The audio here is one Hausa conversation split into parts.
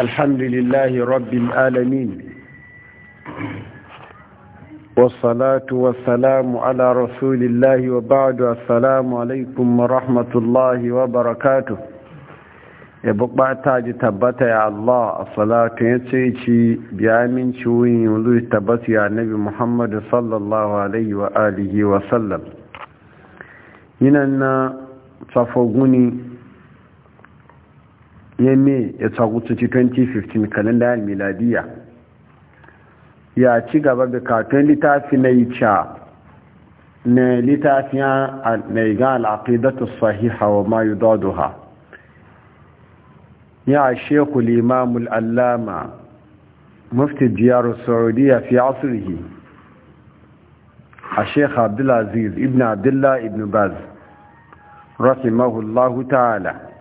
الحمد لله رب العالمين والصلاة والسلام على رسول الله وبعد السلام عليكم ورحمة الله وبركاته يبقى تاج تبت يا الله الصلاة ينسيتي بيامن شوين يولوه تبت يا نبي محمد صلى الله عليه وآله وسلم هنا صفوقني ya me ya tsagutu ci 2015 kalendar miladiya ya ci gaba da katon littafi na yi ca na littafi na da ta sahiha wa ma yudaduha ya sheku limamul allama mufti jiyar saudiya fi asirhi a sheikh abdulaziz ibn abdullah ibn baz rahimahullahu ta'ala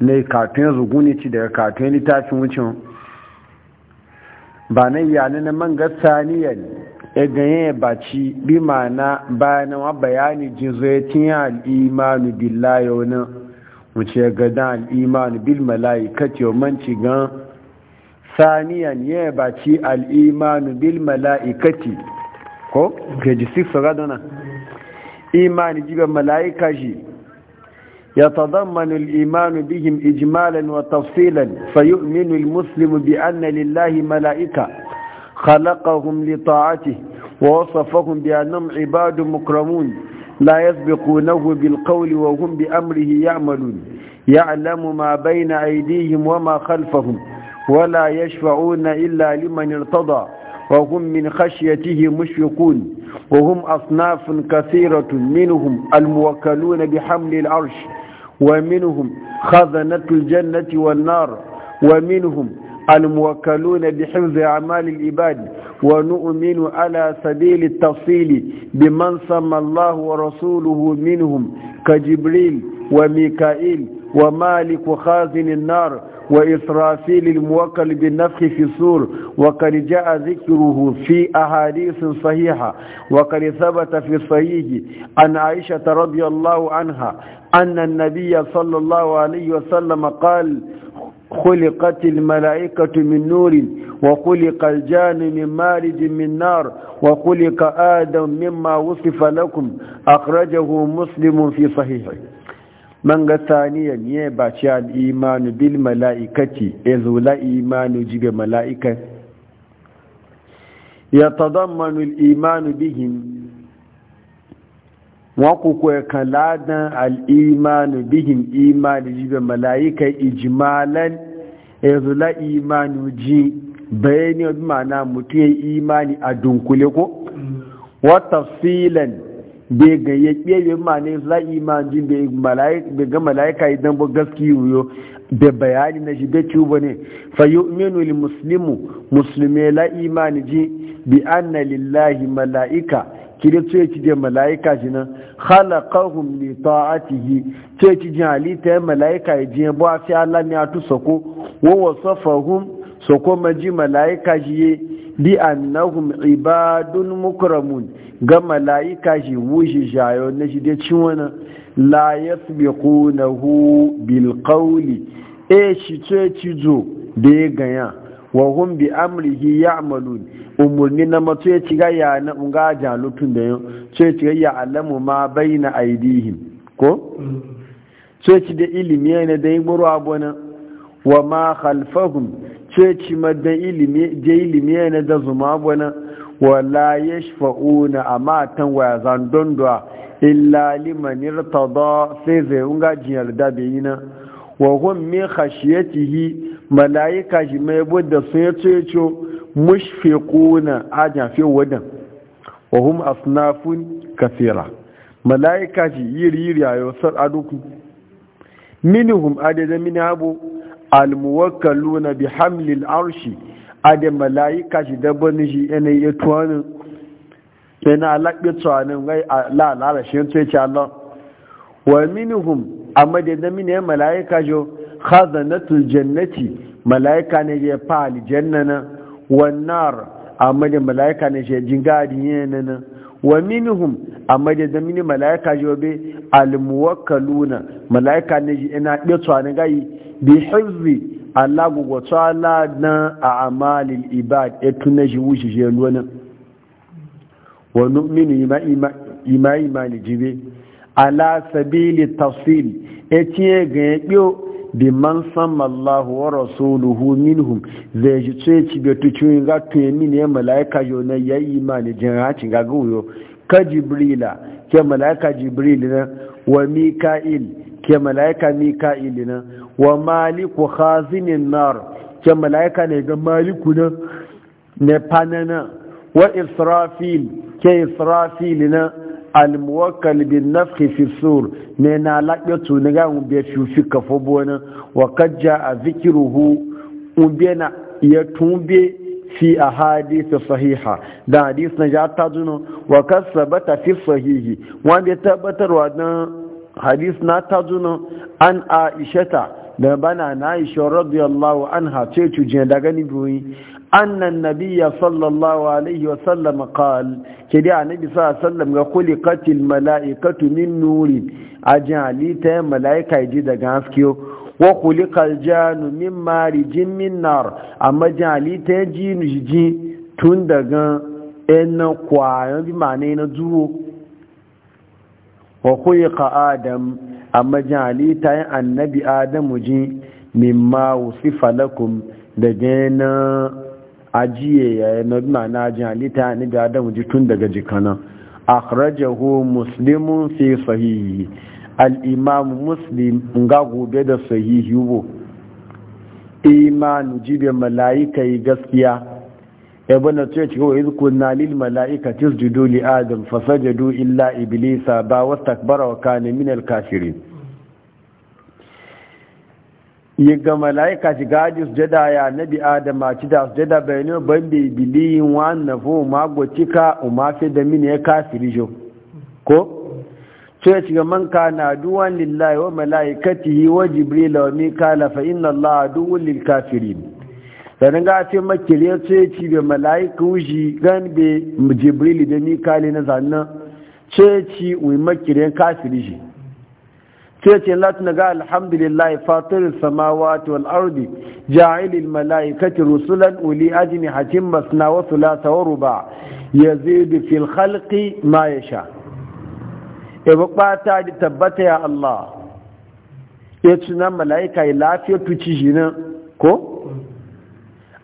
ne katun zuguni ci daga katun litafin wucin ba na yi na man gasaniyar ya e ganye ba ci bi mana bayanan wa bayani jin zai tiya al'imanu billahi wani wuce ya da al'imanu bil mala'ikati wa ci gan saniyan ya ba ci al'imanu bil kati. ko gaji sifira dana imani jibe mala'ika shi يتضمن الإيمان بهم إجمالا وتفصيلا فيؤمن المسلم بأن لله ملائكة خلقهم لطاعته ووصفهم بأنهم عباد مكرمون لا يسبقونه بالقول وهم بأمره يعملون يعلم ما بين أيديهم وما خلفهم ولا يشفعون إلا لمن ارتضى وهم من خشيته مشفقون وهم أصناف كثيرة منهم الموكلون بحمل العرش ومنهم خزنة الجنة والنار ومنهم الموكلون بحفظ أعمال العباد ونؤمن على سبيل التفصيل بمن سمى الله ورسوله منهم كجبريل وميكائيل ومالك وخازن النار وإسرافيل الموكل بالنفخ في الصور وقد جاء ذكره في أحاديث صحيحة وقد ثبت في الصحيح أن عائشة رضي الله عنها أن النبي صلى الله عليه وسلم قال خلقت الملائكة من نور وخلق الجان من مارج من نار وخلق آدم مما وصف لكم أخرجه مسلم في صحيحه man ga saniya ne ba al'imanu bil mala'ikati ya e zula imanu jibe mala'ika ya tadammanu al'imanu bihim wa ku kuwa e kaladan al'imanu bihim imanu jibe mala'ika ijimalan ya e zula imanu ji bayani wa bi ma'ana mutum ya imani a dunkule ko wa tafsilan bai gaye ɓebe ma ne la jin bai ga malaika idan ba gaski yiwuyo da bayani na shi da ba ne fa yu'minu lil muslimu muslime la imani ji bi anna lillahi malaika kiri tsoye ci da malaika shi nan khalaqahum li ta'atihi tsoye ci jali ta malaika ji ba sai Allah a tu sako wa wasafahum sako maji malaika ji bi annahum ibadun mukramun ga malaika shi wushi jayo na shi dai cin wani la yasbiqunahu bil qawli e shi ce cizo da ya ganya wa hum bi amrihi ya'malun umurni na mato ya ciga ya na unga jalutun da yau ce ciga ya alamu ma baina aidihim ko mm. ce ci da ilimi ne da yi muru abona wa ma khalfahum sai ci madan ilimi je ilimi ne da zuma bana wala yashfa'una amma tan waya zan dondoa illa liman irtada sai zai unga jiyar da bayina wa hum min khashiyatihi malaika shi mai budda sun yato yato mushfiquna aja fi wadan wa hum asnafun kathira malaika shi yiri yiri ayo sar aduku minhum adada min abu na bi hamlin arshi da malaika shi dabbani shi yana ya tuwanin yana alaƙi tuwanin wai la la shi yanzu ce Allah wa minhum a da mini ya malaika jo khazanatul jannati malaika ne ya fa aljannana Wannan nar amma da malaika ne je jingadi yana wa minhum amma da da mine malaika jo be almuwakkaluna malaika ne ji ina ɗetuwa na gayi bi hizbi Allah ala na a amalin ibad ya tuna shi wuce shi yalwana wani nu'minu ima imani jibe ala sabili tafsil ya tiye ga ya biyo bi man samma Allah wa rasuluhu minhum zai ji tsaye ci bai tuci ga mini ya malaika yau na ya imani jin hacin ga guyo ka jibrila ke malaika jibril na wa mika'il ke malaika mika'il na wa maliku khazinin nar ke malaika ne ga maliku na ne panana wa israfil ke israfil na almuwakkal bin nafhi fi sur ne na laɓetu na ga umbe fi kafo bona wa kajja a zikiruhu umbe na ya tumbe fi ahadith sahiha da hadis na ja ta zuno wa kasabata fi sahihi wanda tabbatarwa dan hadis na ta zuno an a aishata da bana na aisha radiyallahu anha ce cuje daga ni biyu annan nabiyya sallallahu alaihi wa sallam qal ke da annabi sallallahu sallam ga khuliqatil mala'ikatu min nurin ajali ta mala'ika ji daga haskiyo wa kulikal janu min marijin min nar amma jali ta ji ji tun daga ina kwayan bi mane na zuwo wa khuliqa adam amma jali ta yin annabi adam ji min ma wusifa lakum daga na ajiye ya na bi mane jali ta annabi adam ji tun daga jikana akhrajahu muslimun fi sahihi al'imam muslim ga gobe da sahihi bo imanu jibe mala'ika yi gaskiya na ce yi wa izkunna lil mala'ikati isjudu li adam fasajadu illa iblisa ba wastakbara wa kana min al kafirin ga mala'ika ci su jada ya nabi adam a ci da su jada bayani bambe biliyin wa annafo ma gwacika fi da mini ya kafiri jo ko to ya cika man kana duwan lillahi wa mala'ikatihi wa jibril wa mikala fa inna allaha duwwul lil kafirin dan ga ce makire ce ci da mala'iku shi gan be jibril da mikali na zanna ce ci wi makire kafiri shi ce ce latin ga alhamdulillahi fatir samawati wal ardi ja'ilil mala'ikati rusulan uli ajnihatin masna wa thulatha wa ruba yazidu fil khalqi ma yasha' ebe ɓata da tabbata ya Allah ya tunan mala'ika ya lafiya tuci shi nan ko?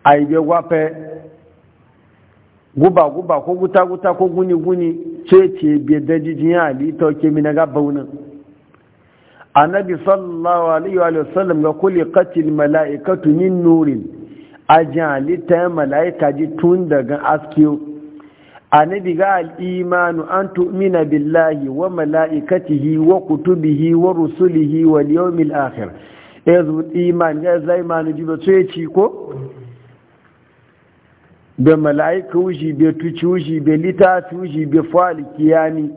a yi gwafe guba-guba ko guta-guta ko guni-guni ce ce biya dajijin ya halitta oke mina gabaunin annabi sallallahu alaihi wa sallam ga kuli katil mala'ikatu min nurin a jin halitta ya mala'ika ji tun daga askiyo annabi ga al'imanu an tu'mina billahi wa mala'ikatihi wa kutubihi wa rusulihi wa liyomil akhir ya e zo iman ya zai manu jiba tsoye ci ko da mala'ika wuji bai tuci wuji bai littafi wuji bai fali kiyani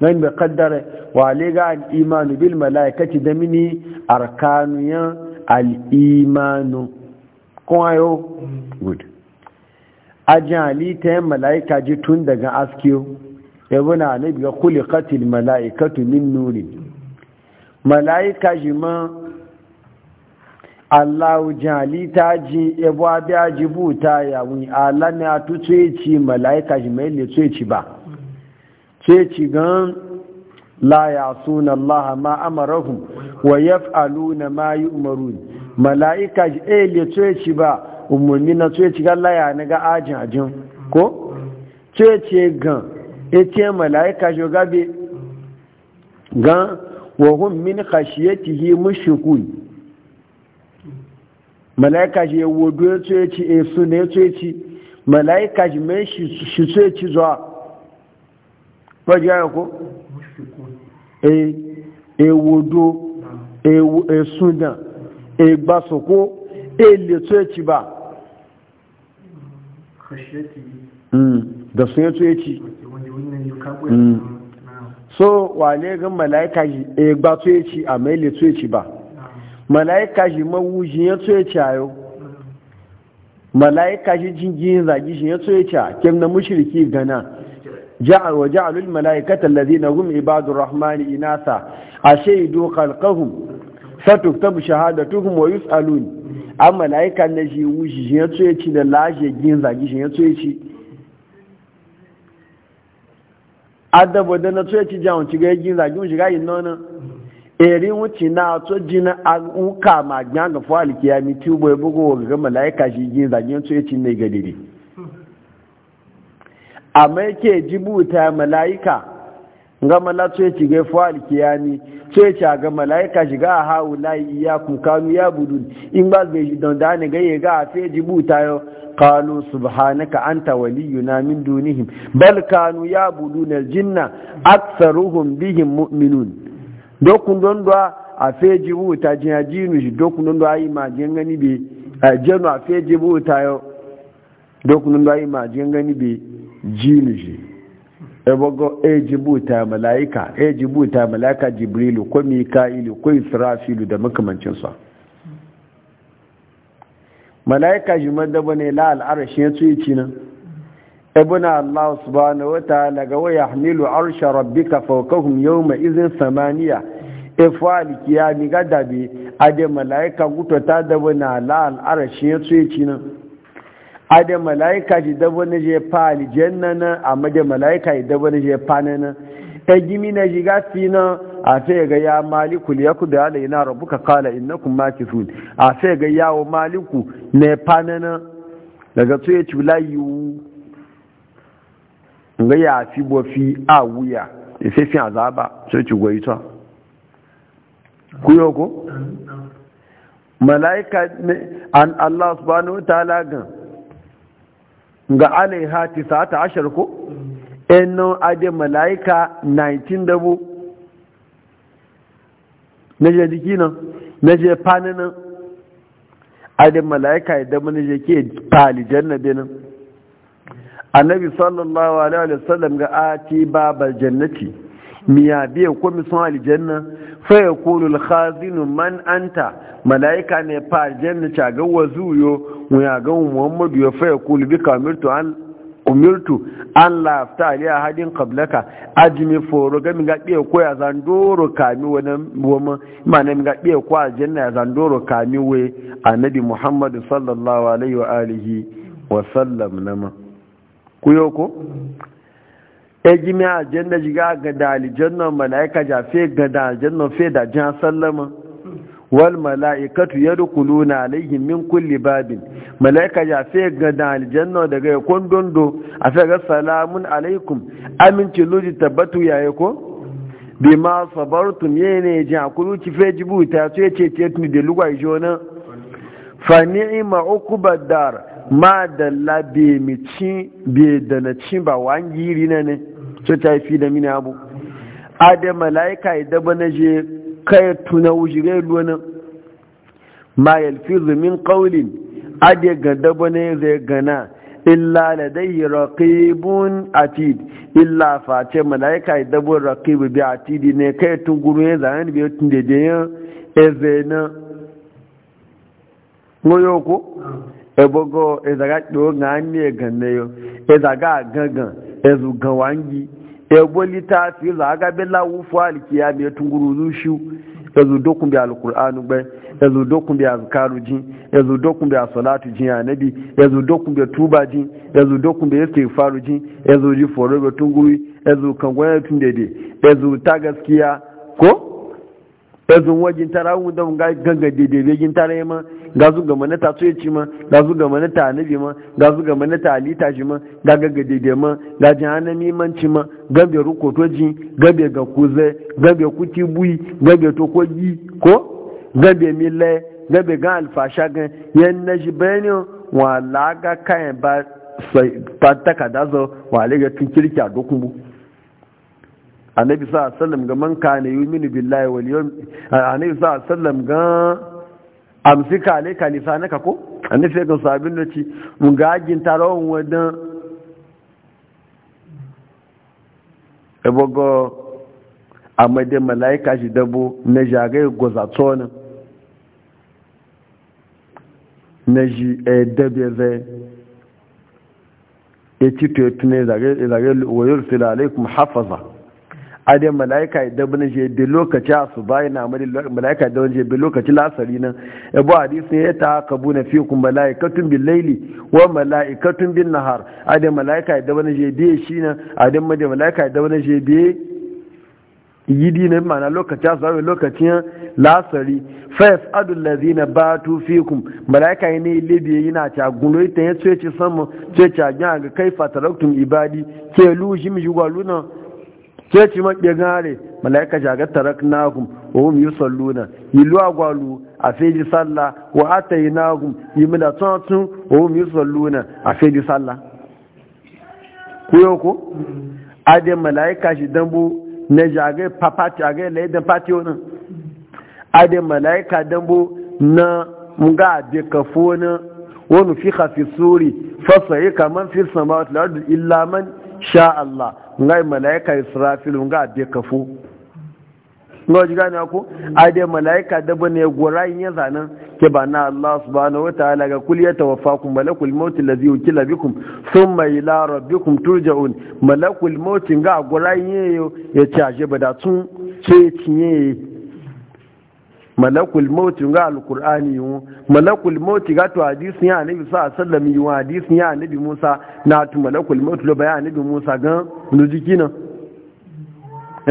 don bai kaddara wa le ga al'imanu bil mala'ikati da mini arkanu yan al'imanu kuma yau good ajali ta yin mala'ika ji tun daga askiyo yabuna na biya kuli katil mala'ikatu min nuri mala'ika ji ma allahu jali ta ji yabo abiya ji buta ala ne a tu ci mala'ika ji mai le tsoyeci ba ci gan la ya suna allaha ma amarahu wa yaf'aluna ma yi umaru mala'ika ji eh, le tsoyeci ba umarni na tsoye ci gan laya na ga ajin ajin ko tsoye ce gan ete mala'ika shi gabe gan wahun min khashiyatihi mushrikun mala'ika shi ya wodo ya tsoye ci e su ne tsoye ci mala'ika shi mai shi tsoye ci zuwa ba ji ko e e wodo e sunan e, e gbasoko e le tsoye ci ba Mm. da sun yato ya ci mm. so ne gan malaika ji e eh, gba to ya ci a maile to ya ci ba malaika ji mawuji ya to ya ci a yau malaika ji jingiyin zagi shi ya to ya ci a kim na mushriki gana ja'al wa ja'alul malaikata allazina hum ibadur rahmani inasa Ashe, ashaydu khalqahum satuktabu shahadatuhum wa yus'aluni a mala'ika na shi wushi shi ya tsoye ci da lashe gin zagi shi ya tsoye ci adabu da na tsoye ci jawon ci ga gin zagi wushi ga yi nona eri wuce na tso jina a wuka ma gyan ga fuwa alikiya mi tubo ya e bugu ga mala'ika shi gin zagi ya tsoye ci ne ga dide amma yake e jibuta mala'ika ga mala tsoye ci ga fuwa alikiya mi sai ce ga mala'ika shiga a hau layi ya kukanu ya budu in ba zai shi don dane ga ya ga a sai ji buta yau kanu subhanaka anta waliyuna min dunihim bal kanu ya budu na jinna aksaruhum bihin mu'minun dokun don da a sai ji buta jina jinu shi dokun don da yi ma gani be a jenu a sai ji buta yau dokun don da yi ma jiyan gani be jinu shi ebogo ejibuta malaika ejibuta malaika jibrilu ko mika'ilu ko israfilu da makamancinsa malaika jimar da ne la al'arashi ya tsuyi cinan ebuna allah subhanahu wa ta'ala ga waya hamilu arsha rabbika fawqahum yawma idhin samaniya ifali e ni gadabi ade malaika gutota da na la al'arashi ya ci cinan ada malaika ji dabo na je fa aljanna na amma da malaika ji dabo na je fa na e gimi na ji fi na a sai ga ya maliku ya ku da ina rabbuka qala innakum makithun a sai ga yawo maliku ne fa na daga ya ci layu ga ya fi fi a wuya sai e fi azaba sai ci goyi ta kuyo ko malaika an Allah subhanahu wa ta'ala gan ga alaiha tisata ashar ko enon ade malaika 19 na je jiki nan na je fani nan ade malaika idan na je ke fali jannabe nan annabi sallallahu alaihi wasallam ga ati babal jannati miya biya ko mi sun aljanna faya kulu khazinu man anta malaika ne fa janna ta ga mu ya ga muhammadu ya faya kulu bi kamirtu an umirtu Allah, lafta ali ahadin qablaka ajmi foro ga mi ga biye ko ya zandoro kami wani woma ma ne mi ga biye annabi muhammadu sallallahu ejimi aljanna jiga ga dali aljanna malaika fe ga da aljanna fe da jan sallama wal malaikatu yadkhuluna alaihim min kulli babin malaika fe ga da aljanna daga kon dondo a fe ga salamun alaikum aminci luji tabbatu yaye ko bima sabartum yene ja kulu ki fe jibuta ce ce ce tuni de lugwa jona fa ni'ma ukubad dar ma da bi mi cin be da na cin ba wangiri ne ne so ta fi da mini abu a da mala'ika ya daba na je kai tuna wujire luwanin ma yalfi zumin kaulin a da ga daba na zai gana illa yi raqibun atid illa face malaika idabun raqib bi atidi ne kai tun guru ya da bi tun daidai ya yan ezena ngoyo ko ebogo ezaga do ngani e ganne yo ezaga gangan ezu gawangi ebo fi za ga be lawu fu alkiya me tunguru zushu ezu dokun bi alqur'anu be ezu dokun bi azkaru jin ezu dokun bi salatu jin ya nabi ezu dokun bi tuba jin ezu dokun bi istighfaru jin ezu ji foro be tunguru ezu kan tun dede ezu ta gaskiya ko ɗazin wajen tara mu da ga ganga daidai gin tara ma ga zu ga manata tsoye ci ma ga zu ga manata anabi ma ga zu ga manata alita shi ma ga ganga daidai ma ga jahannami man ci ma ga be rukoto ji ga be ga kuze ga be kuti bui ga be to ko yi ko ga be mile ga be ga alfasha ga yan naji bayani wa laga kayan ba ta kadazo wa alega tun kirki a mu. annabi sa sallam ga man kana yuminu billahi wal yawm annabi sa sallam ga amsika alayka ka ko annabi ga sabin da ci mun ga ajin tarawon wadan ebogo amma da malaika shi dabo na goza tsona, na ji e dabe zai e ci to tunai zage wayar sila alaikum hafaza ade malaika da bin je da lokaci su bai na amali malaika da je da lokaci lasari nan abu hadisi ne ta kabuna fikum malaikatun bil laili wa malaikatun bin nahar ade malaika da bin je da shi nan ade malaika da bin je da yidi na mana lokaci su bai lokacin lasari fayas adul ladina batu fikum malaika ne libiya yana ta gulo ita ya ce ce samu ce ta ga kai fataraktum ibadi ke lu jimi jugaluna sai ci maɓe gare mala'ika jagar taraknahum wa hum yusalluna yilu agwalu a feji salla wa yi nahum yi yimla tuntun wa hum salluna a feji salla kuyoko yau mala'ika shi dambu na jagar papati agai lai dan patio nan ade mala'ika dambu na muga da kafo na wani fi hafi suri fasa yi kamar fi samawa wal ardi illa man sha Allah ngai malaika Israfil nga be kafu ngo ji gane ko dai malaika da bane gurayin ya zanan ke ba na Allah subhanahu wataala ga kul yatawaffakum malakul maut allazi yukilla bikum thumma ila rabbikum turja'un malakul maut ga gurayin ya ya ci aje ba da tun ce ciye malakul mauti ga alkur'ani yu malakul mauti ga to hadisin ya annabi sa sallam yu hadisin ya annabi Musa na to malakul mauti lo bayan annabi Musa gan no na.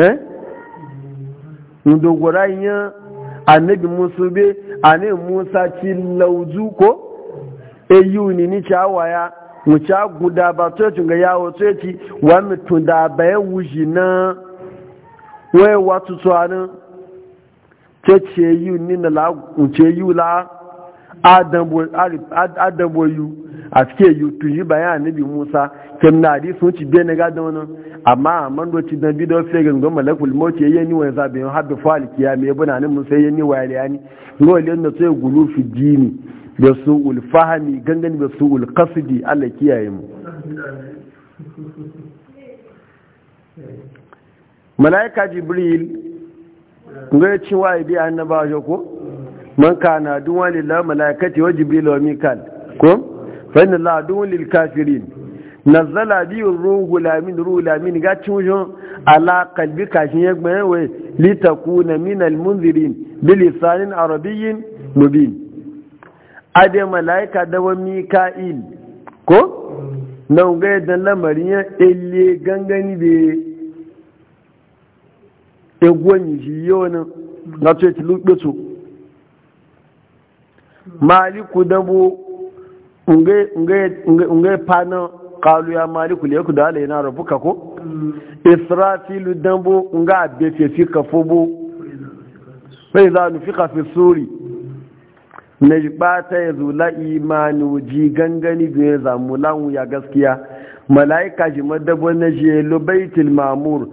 eh ndo goranya annabi Musa be annabi Musa ci lauju ko eyuni ni chawaya mu cha guda ba to tunga yawo to ci wa mutunda bayan wujina Wai watu tsanin ce yi ni na la ce yi la adabo yu a suke yi yi bayan annabi musa kem na adi sun ci bene ga don amma man do ci dan bido fe gan goma lakul mauti yayi ni wa zabe ha bi fal kiyami ibn anan musa yayi ni wa yani ngo le na sai gulu fi dini da su ul fahmi gangan da su ul qasdi Allah kiyaye mu malaika jibril ngai ci bi annaba jo ko man kana duwa lil malaikati wa jibril wa mikal ko fa inna la duwa lil kafirin nazzala bi ruhu lamin ruhu lamin ga ci wujo ala qalbi ka ya yagbe we li takuna min al munzirin bi lisanin arabiyyin mubin ade malaika da wa mika'il ko na ga dan lamarin ya gangani be egwon yi yawon na ce tilukpe su maliku dabo nge fana kalu ya maliku le ya kuda ala yana rabuka ko israfilu dambo nga abefe fi bu fai za nufi kafi suri na bata ya zula imanu ji gangani biyu ya zamu lanwu ya gaskiya mala'ika ji madabo na ji ya lubaitul mamur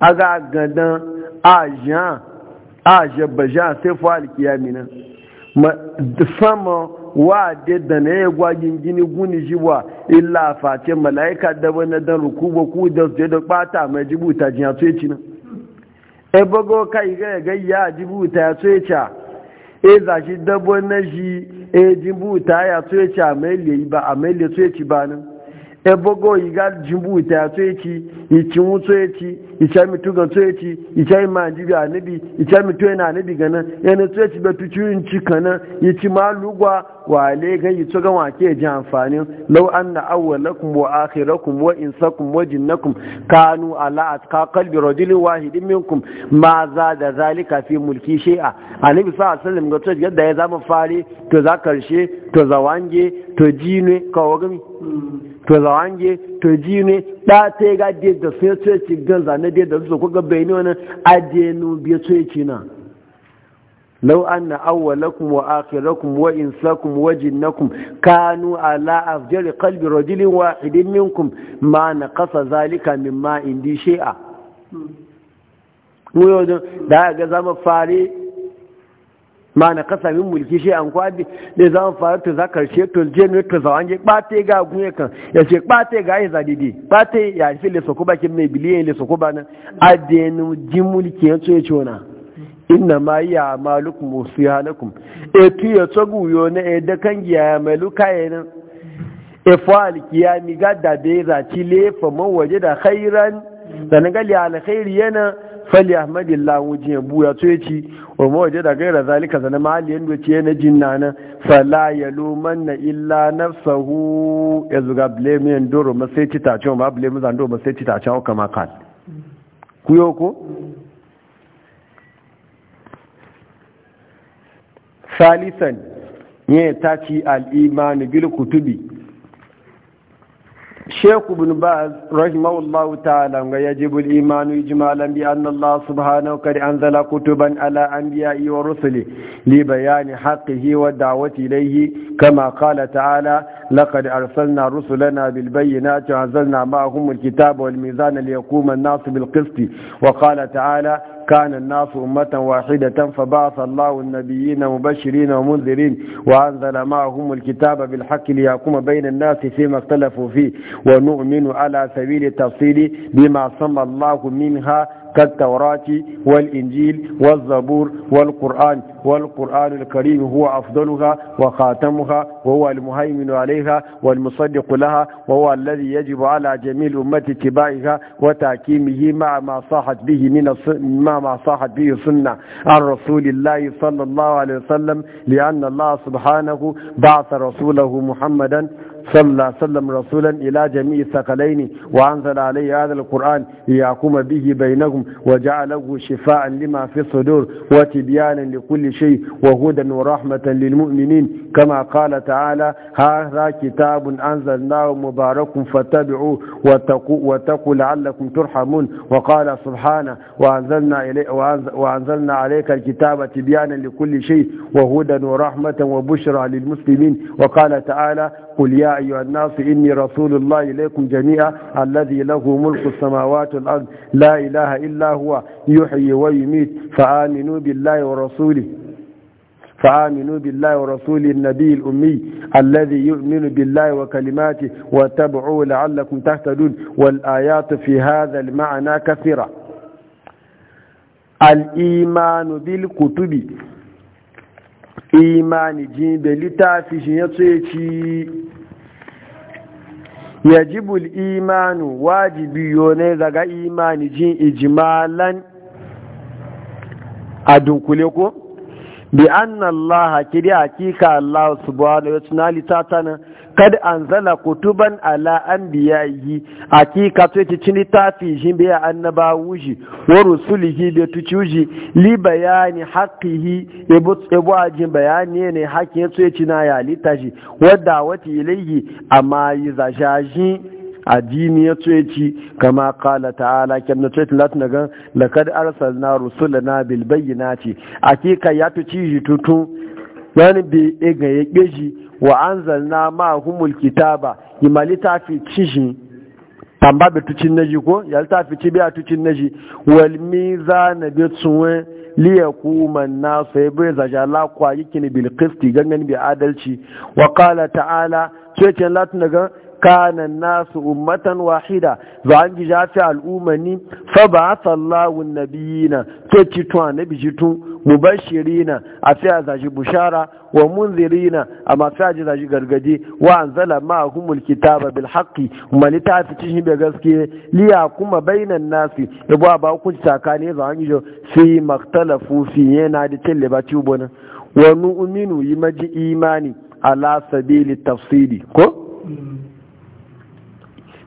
aga gadan a jabbaja sai fa alkiyami nan sama wa de da ne ya gwagin guni jiwa illa face malaika da wani dan rukubo ku da je da pata ma jibuta jiya to yaci nan e bogo kai ga ga ya jibuta ya so yaci e za shi da na shi e jibuta ya so yaci a mai ba amele to le ba nan ebogo yiga jimbu ita ya tso yaki ikinwu tso yaki icha mitu ga tso yaki icha imanji bi anibi icha mitu yana anibi gana yana tso yaki betu ciwon ci kana ichi ma lugwa wale ga yi tso gan wake ji amfani lau an na awwalakum wa akhirakum wa insakum wa jinnakum kanu ala atka qalbi rajulin wahidin minkum ma za da zalika fi mulki shay'a ah. anibi sa sallam ga tso yadda ya zama fare to za karshe to za wange to jinwe kawo gami hmm. to zawange to ji ne da ta ga de da sai ce ci gan zane da da su ko ga bayani wannan adenu biye ce ci na law anna awwalakum wa akhirakum wa insakum wa jinnakum kanu ala afjari qalbi rajulin wahidin minkum ma naqasa zalika mimma indi shi'a hmm. mu da ga zama fare ma na kasa min mulki shi an kwabi da za mu fara to za karshe to je ne to zawan je bate ga gunye kan ya ce bate ga ya zadidi bate ya fi le soko ba kin mai biliyan le soko ba nan adenu jin mulki ya ce chona inna ma ya malukum musihalakum e tu ya tsogu yo ne e da kan giya ya maluka ya nan e fa alkiyami ga da be za ci le fa man waje da khairan sanan ga li al khairi yana fali ahmadillah wuje buya to yace wa ma waje da gaira zalika zana mali ya ce na jinna na fala na illa nafsahu yazuga blame yan doro ma sai tita cewa ma blame zan doro ma sai tita ka ma kan kuyo ko salisan ne ta ci al-iman bil kutubi Sheku bin Baz, rahimahullah ta'ala ga yajibul imanu yi jimalan bi an Allah subhanahu kari kutuban ala an biya iya rusuli, li bayani haƙi hi wa dawati kama ƙala ta'ala لقد أرسلنا رسلنا بالبينات وأنزلنا معهم الكتاب والميزان ليقوم الناس بالقسط وقال تعالى كان الناس أمة واحدة فبعث الله النبيين مبشرين ومنذرين وأنزل معهم الكتاب بالحق ليقوم بين الناس فيما اختلفوا فيه ونؤمن على سبيل التفصيل بما سمى الله منها كالتوراة والإنجيل والزبور والقرآن والقرآن الكريم هو أفضلها وخاتمها وهو المهيمن عليها والمصدق لها وهو الذي يجب على جميع الأمة اتباعها وتحكيمه مع ما صاحت به من مع ما صاحت به السنة عن رسول الله صلى الله عليه وسلم لأن الله سبحانه بعث رسوله محمدا صلى الله عليه وسلم رسولا إلى جميع الثقلين وأنزل عليه هذا القرآن ليحكم به بينهم وجعله شفاء لما في الصدور وتبيانا لكل شيء وهدى ورحمة للمؤمنين كما قال تعالى هذا كتاب أنزلناه مبارك فاتبعوه واتقوا, وتقو لعلكم ترحمون وقال سبحانه وأنزلنا, إلي وأنزلنا عليك الكتاب تبيانا لكل شيء وهدى ورحمة وبشرى للمسلمين وقال تعالى قل يا يا أيها الناس إني رسول الله إليكم جميعا الذي له ملك السماوات والأرض لا إله إلا هو يحيي ويميت فآمنوا بالله ورسوله فآمنوا بالله ورسوله النبي الأمي الذي يؤمن بالله وكلماته واتبعوه لعلكم تهتدون والآيات في هذا المعنى كثيرة الإيمان بالكتب إيمان جيب لتافي يطيتي yajibul imanu wajibi ne daga imani jin ijimalan a dunkule ko bi anna allaha kiri hakika allah subhanahu wa ta'ala kad anzala kutuban ala anbiyahi akika to yace cin tafi shi biya annaba wuji wa rusulihi da tuciuji li bayani haqqihi ibu ajin bayani ne hakkin to yace na ya litaji wadda wati ilayhi amma yi zashashi addini ya ce ci kama kala ta'ala kyanna ce ta latin daga lakad arsalna rusulana bil bayyinati akika ya tuci tutu bi ga ya keji wa anzalna humul kitaba imali fi cishin tamba bi tucin naji ko ya tafi ci biya tucin naji wal mizana bi tsuwe li yakuma an-nasu yabi zajala kwa yikini bil qisti gangan bi adalci wa qala ta'ala sai ce latin daga kana nasu ummatan wahida za an ji jafi al'umani fa ba'atha Allahu an-nabiyina sai ci to annabi ji mubashirina a sai a zaji bushara wa munzirina a masu aji zaji gargadi wa an zala ma'ahumul kitaba bil haqqi kuma fi cikin bai gaske liya kuma bainan nasi da ba ba ku tsakani za an yi fi maktalafu fi yana da cin libaci bonin wa nu'minu yi maji imani ala sabili tafsiri ko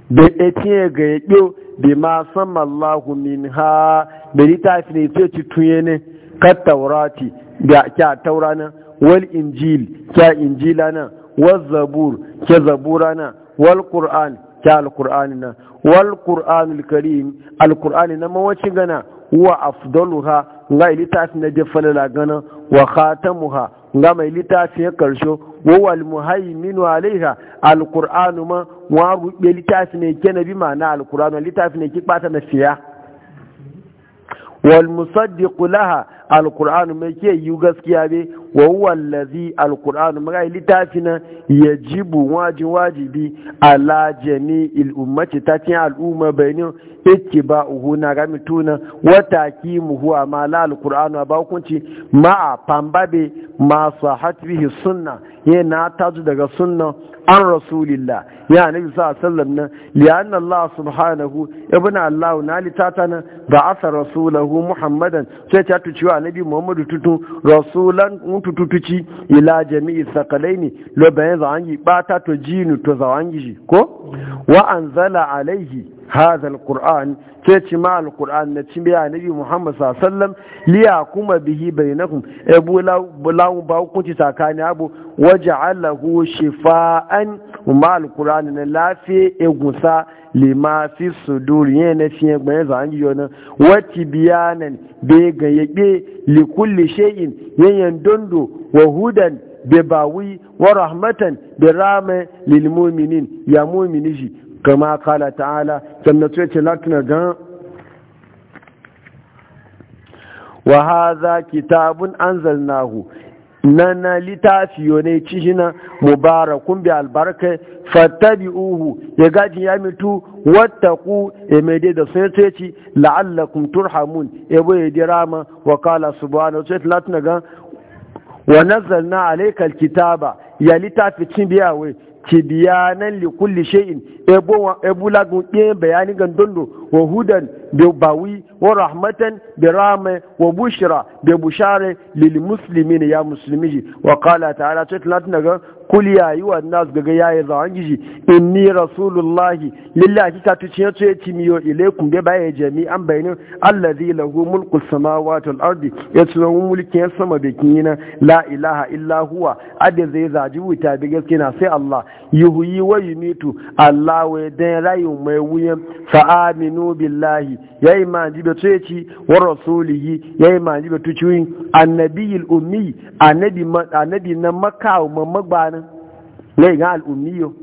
da ce ga yaƙo bi ma sama Allahu min ha da fi ne ce ci tuye ne kat taurati ga kya taurana wal injil kya injilana wal zabur kya zaburana wal qur'an kya al na. wal qur'anul karim al qur'anina mawacin gana wa afdaluha nga littafin na jefala gana wa khatamuha nga mai littafin ya karsho wa wal muhaiminu alaiha al qur'anu ma wa rubbe littafin ne ke nabi ma'ana al qur'anu littafin ne ki bata na fiya wal musaddiq laha alkur'anu mai ke yi gaskiya be wawallazi wallazi alkur'anu mai littafi na yajibu wajin wajibi ala jami'il ummati ta cikin al'umma bayanin itti ba uhu na gami tuna wata ki muhu a mala alkur'anu ba hukunci a pambabe masu hatbihi sunna ya na tazu daga sunna an rasulillah ya nabi sa sallam nan liyan allah subhanahu ibn allah na litata nan ga asar rasulahu muhammadan sai ta tuci wa nabi muhammadu tutu rasulan mututuci ila jami'i ne, lo bayan zawangi ta to jinu to zawangi ko wa anzala alaihi هذا القرآن ce ci ma alƙur'an na ci biya na biyu muhammad sasallam liya kuma bihi bai na kun ebu lawon ba abu waje allahu shi fa'an alƙur'an na lafiya egusa le ma fi su duri yi na fiye gbanye za an yiyo nan wati biya nan da ya ganye ɓe sha'in yanyen dondo wahudan hudan bebawi wa rahmatan bi rama lilmuminin ya mumini ji kama kala ta'ala kan tsaye ce latina gan wa haza kitabun anzalnahu na na littafi ne cihina mubarakun bi albarka fattabi'uhu ya gaji ya mitu wattaku ya mai da sun ce ci la'allakum turhamun ya bai dirama wa kala subhanahu wa ta'ala latina gan wa nazzalna alaykal kitaba ya litafi cin biyawai tibiyanan li kulli shay'in ebu lagun ɗin bayani gandondo wa hudan bi bawi wa rahmatan bi rama wa bushra bi bushare lil muslimin ya muslimi wa qala ta'ala tatlat naga kul ya yi wa nas daga yayi zawan gishi inni rasulullahi lillahi ka tuci ya ce bi baye jami'an bainin allazi lahu mulku samawati wal ardi yasru mulkin sama da kina la ilaha illa huwa adda zai zaji wuta bi gaskiya sai Allah yuhyi wa yumitu Allah wa dan rayu mai wuyan fa amin aminu billahi ya yi manji da tsoyaci wa rasulihi ya yi manji da tuciwi annabiyil ummi annabi na makawo mamagbanin na yi ga al'ummiyo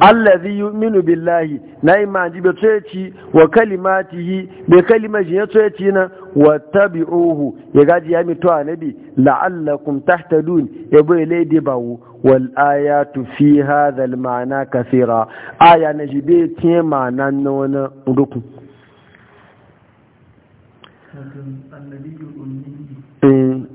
allazi yu'minu billahi na yi manji da tsoyaci wa kalimatihi bai kalimashi ya tsoyaci na wattabi'uhu ya gaji ya mito annabi la'allakum tahtadun ya bai laidi bawo والآيات في هذا المعنى كثيرة آية نجيبية تين معنى نونا ندوكو النبي الأمي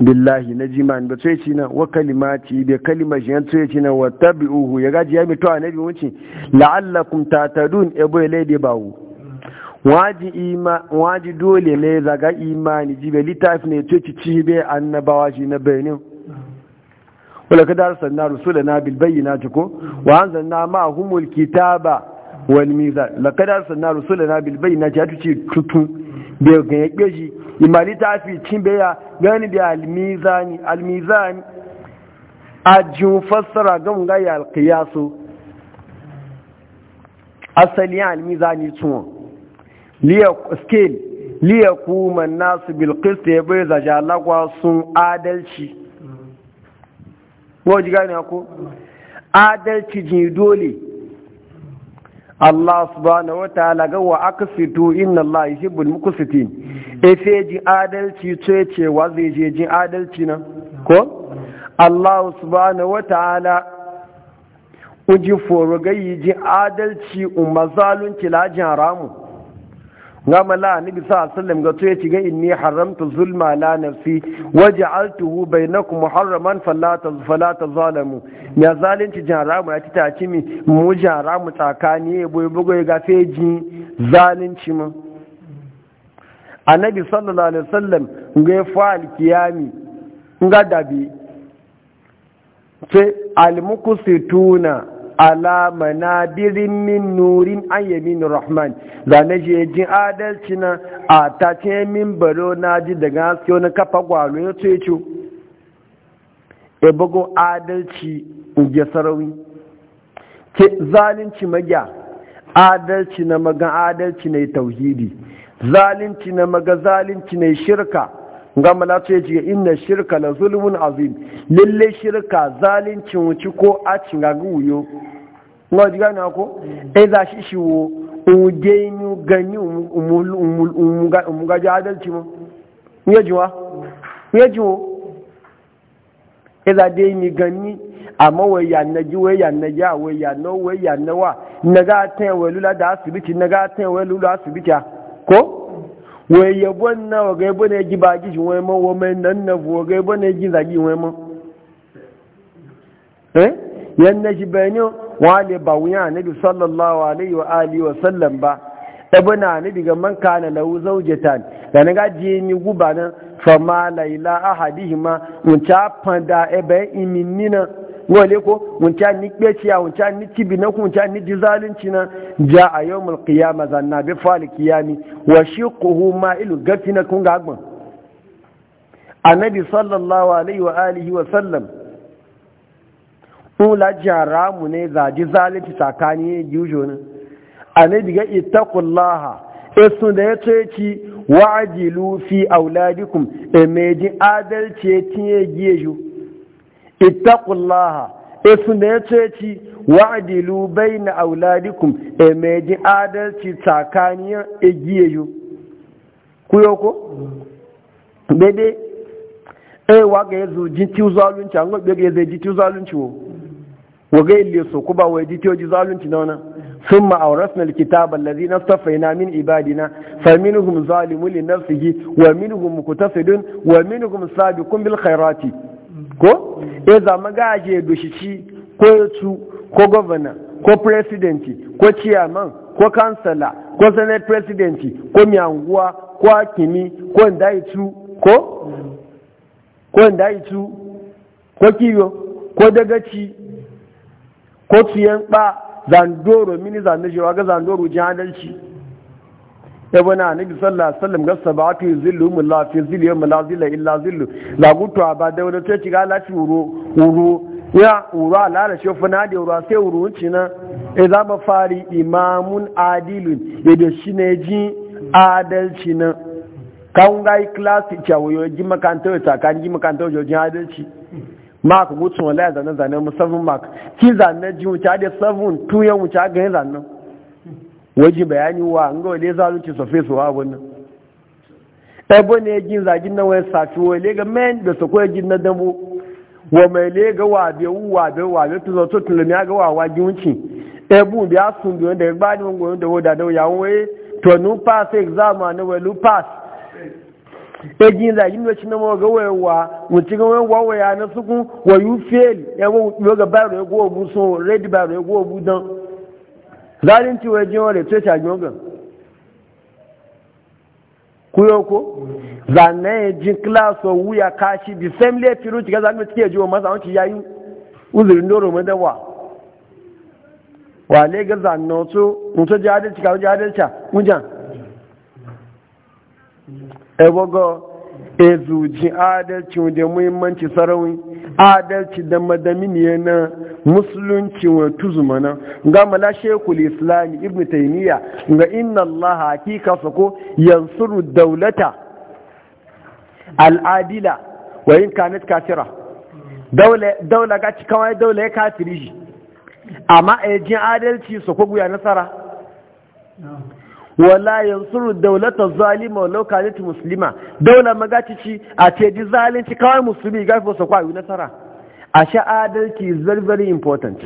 billahi na ji jiman da tsoye na wa kalimati da kalimashi yan tsoye ci na wa tabi'uhu ya gaji ya mito a nabi wuce la'allakum tatadun ebo ya laide bawu waji dole ne zaga imani jibe litafi ne ce cici bai annabawa shi na benin wala ka dar na rusula na bilbayyana ci ko wa anzalna ma humul kitaba wal mizan la ka dar na rusula na bilbayyana ci ya tuci tutu. be ga ya ƙeji ima littafi cin bai ya gani da al-mizan almizani almizani a jin fassara gan al alkiyasu asali almizani tuwon liya kuma nasu bilkista ya bai zaje sun adalci ji gani ko adalci ji dole Allah subhanahu wa ta'ala ga wa aqsitu inna Allah yuhibbul muqsitin efe ji adalci ce wa zai je ji adalci nan ko Allah subhanahu wa ta'ala uji foro ji adalci umma zalunci lajin nga mala annabi sallallahu alaihi wasallam ga to yace ga inni haramtu zulma la nafsi waj'altuhu bainakum muharraman fala fala tazalamu ya zalunci jaramu ya tita ci mi mu jaramu tsakani e boye boye ga feji zalinci mu anabi sallallahu alaihi wasallam ga fa alkiyami nga dabi sai almukusituna ala manabirin min nurin an yamin rahman da na je jin adalci na a ta ce min baro na ji daga haske wani kafa gwalo ya ce ce e bugu adalci uge sarauni ke zalunci magya adalci na maga adalci ne tauhidi zalunci na maga zalunci na shirka gama na ce ce inna shirka la zulmun azim lalle shirka zalincin wuci ko a cinga guyo ngo ji na ko e za shi shiwo udenyu ganyu umul umul umuga umuga ci mu ya jiwa ya jiwo e za dai ni ganni amma wai ya na ji wai ya na ja wai ya no wai ya na wa naga ga ta wai lula da asibiti naga ga ta wai lula asibiti ko wai yabon na eh? waga yabon ya gi bagi shi wai man wai nan na waga yabon ya gi zagi wai man eh yan na shi bayani wale ba wuya annabi sallallahu alaihi wa alihi wa sallam ba e ibn annabi ga man kana lahu zawjatan da na gaji ni guba nan fa ma laila ahadihima mun ta fanda ebe iminina wale ko wunca ni kpeciya wunca ni cibinaku wunca ni zalunci na ja a yau mulkiya mazanna bi fali kiyami wa shi kuhu ma ilu gafi na kun gagban annabi sallallahu alaihi wa alihi wa sallam kula jara mu ne zaji zalunci tsakani ya jujo ne annabi ga ittaqullaha esu da ya ce ci wa'adilu fi auladikum e meji adalci ya tiye giye ju ittaqullaha isne e ceci, wa'dilu baina auladikum e meji adalci tsakaniyar igiyeyo kuyo ko dede e wa ga yazo jinti ci, an gobe ga jinti zalunci wo waga ille so ku ba wai jinti oji zalunci na wannan summa awrasna alkitaba alladhi nastafayna min ibadina faminhum zalimun li nafsihi wa minhum muqtasidun wa minhum sabiqun bil khairati ko ya e, zama gaje dushici ko yatsu ko gwamna ko presidenti ko ciyaman ko kansala ko senate presidenti ko miyanguwa ko hakimi ko ndaitu ko ko ndaitu ko kiyo ko dagaci ko tuyen ba zandoro mini zandoro ga zandoro jihadalci ibn anabi sallallahu alaihi wasallam gasa ba ta zillu mu la fi zillu mu la zillu illa zillu la gutu ba da wani ce ga la ci uru uru ya uru ala la shi fana da uru sai uru ci na e za ba fari imamun adilun da shi ne ji adalci na kan ga class a wayo ji makanta ta kan ji makanta jo ji adalci mark gutsun wallahi zanen zanen mu 7 mark ki zanen ji ta da 7 2 yan ta ga zanen waji bayani wa an ga wale zalunci sofe su wa wannan ebo ne jin zagin nan wani safi wale ga men da su koyi jin na dabo wa mai le ga wa be wa be wa be to zo to ya ga wa waji wuci ebu bi asun bi wanda ba ni wongo da woda da ya won to nu pass exam na we lu pass e jin zagin no cin mo ga wewa wuci ga wewa waya na ku wa you fail e wo ga ba re go bu so red ba re go bu dan zalunci wai jin wale ce shagi ogan kuyo zane zanne jin klaso wuya kashi the same lay firu ciga zalunci ke jiwo masa wanci yayi uzuri doro mai dawa gaza na otu nso ji adalci ka jadalca mujan ebogo ezu ji adalci da muhimmanci sarawin. adalci da madaminiya na musulunci wa tuzuma na ga mala shekul islami ibn taymiya ga inna allah hakika sako yansuru daulata al'adila wa in kanat kafira daula ga cikin wani daula ya kafiri amma a e yajin adalci sako guya nasara wala yansuru daulata zalima walau kanat muslima daula ci a ce di zalunci kawai musulmi gafi wasu kwayo nasara a sha adalci very very important